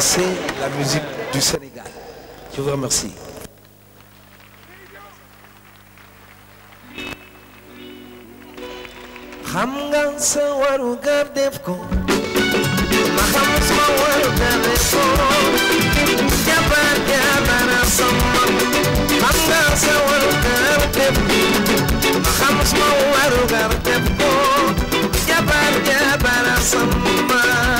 relancer la musique du Sénégal. Je vous remercie. xam nga sa waru gar def ko ma xam sa waru gar def ko jabar jabar sama xam nga sa waru gar def ko ma xam sa waru gar def ko jabar jabar sama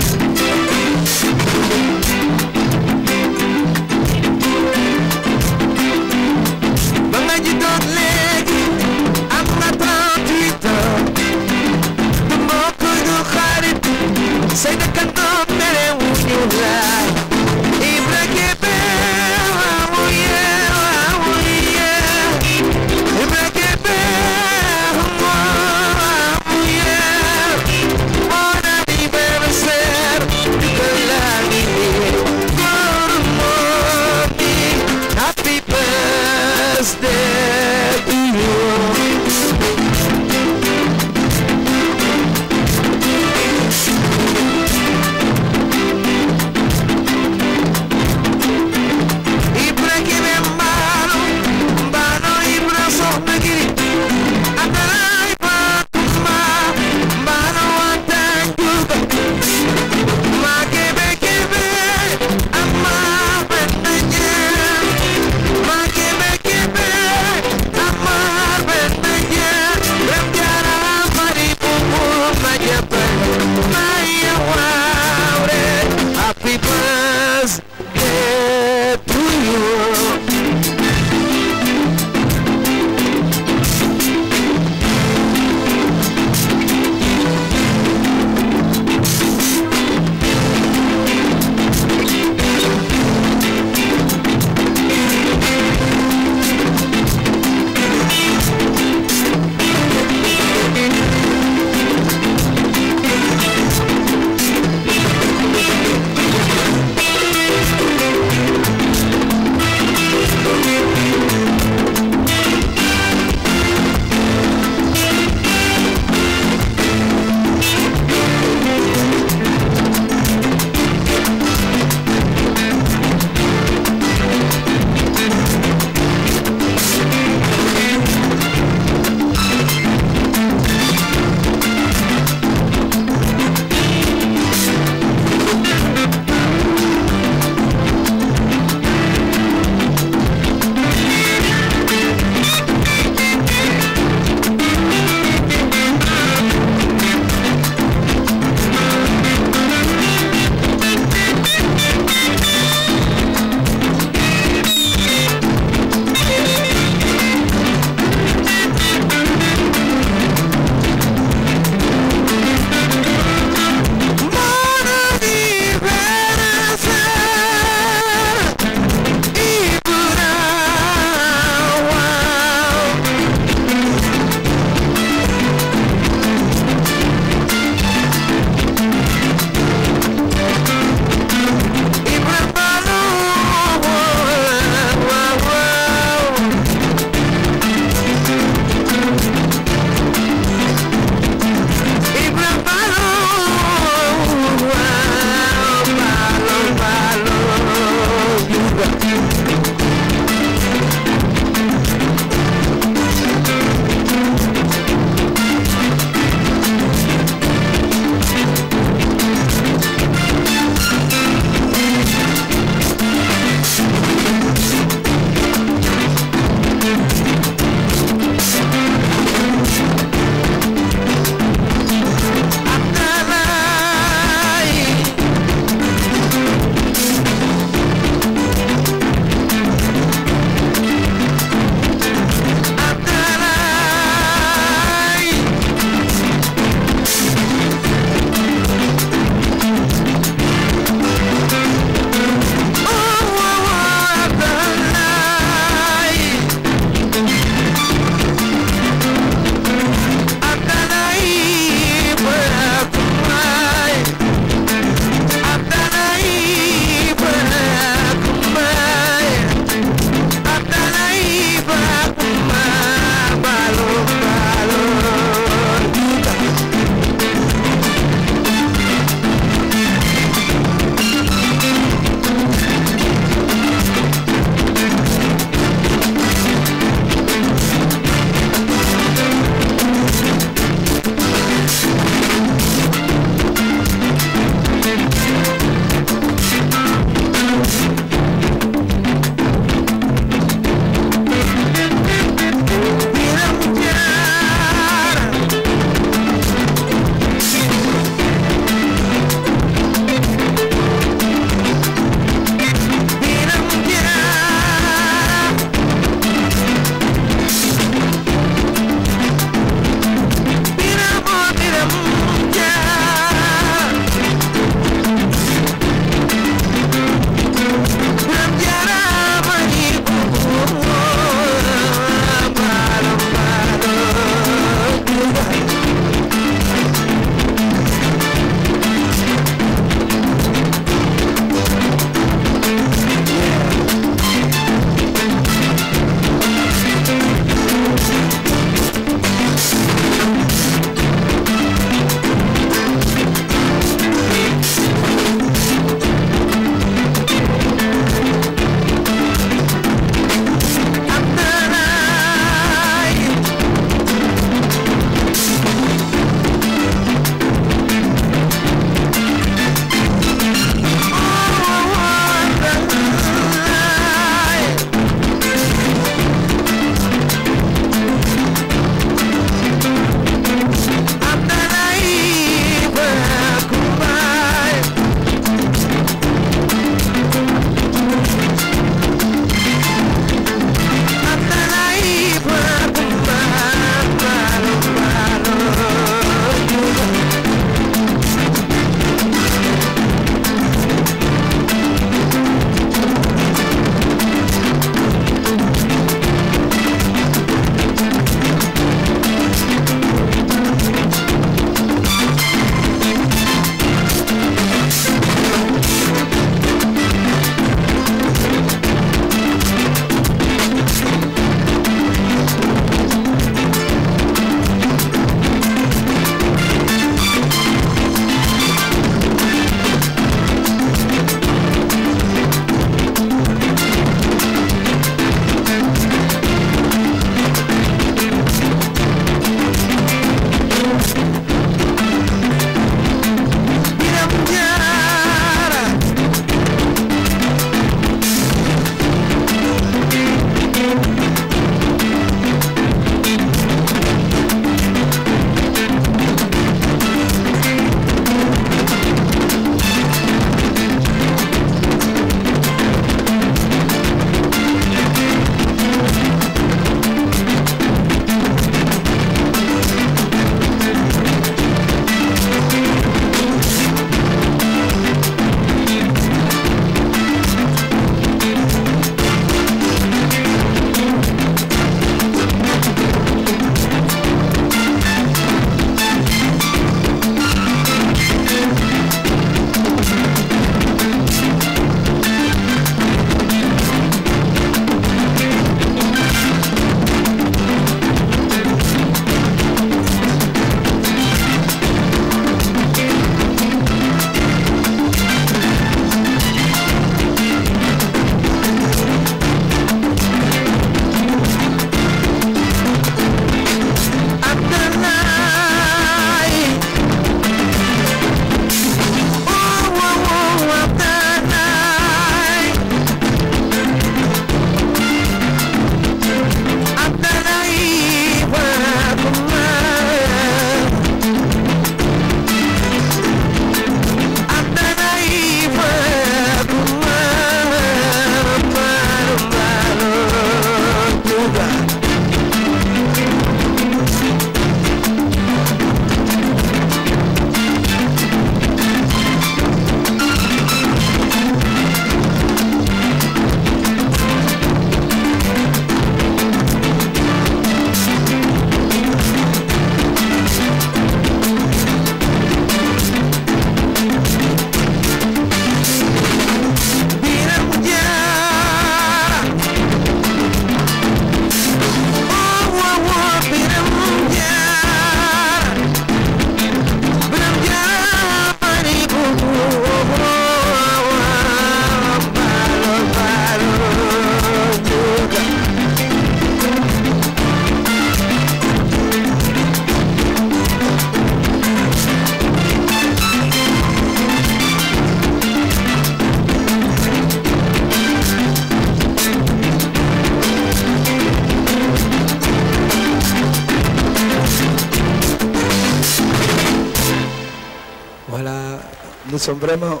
vraiment,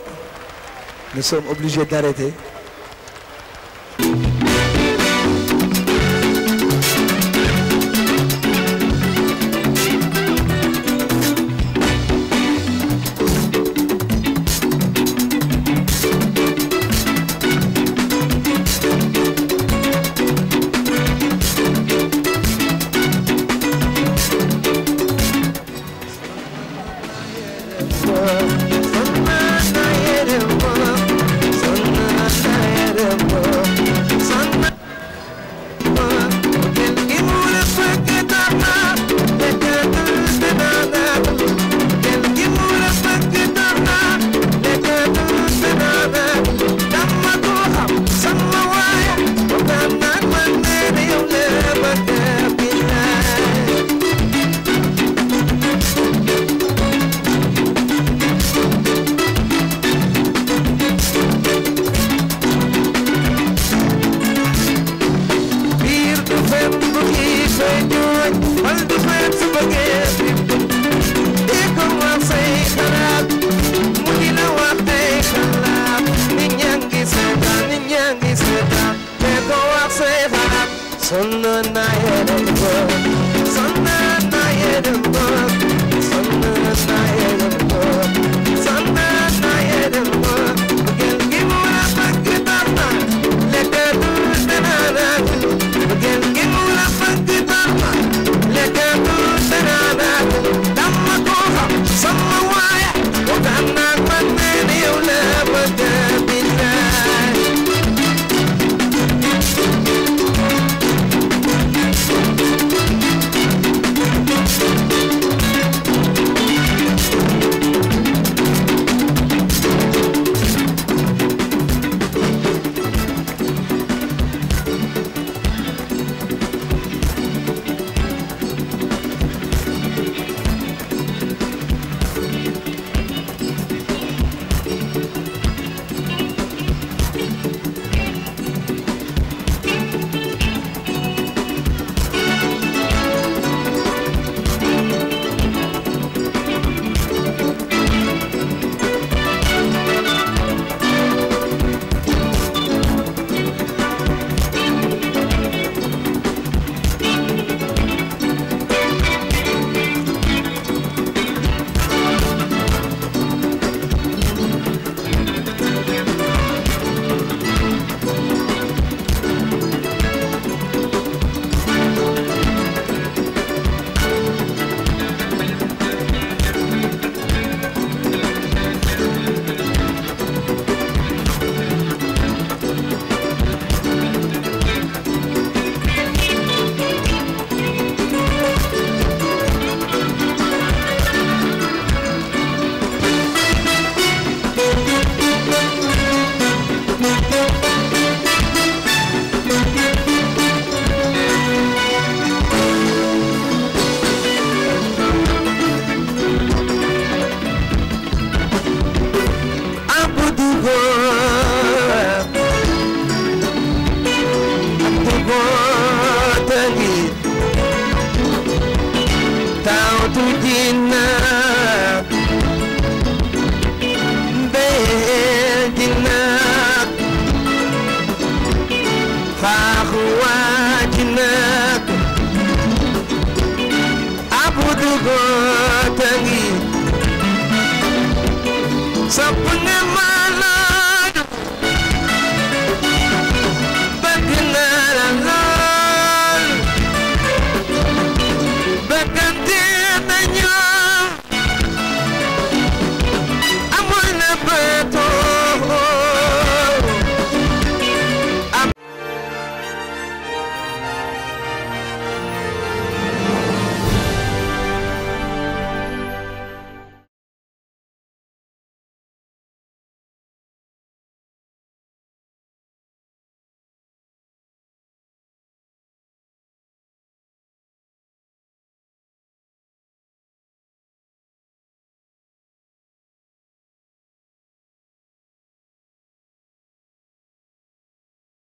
nous sommes obligés d'arrêter.